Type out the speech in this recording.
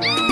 you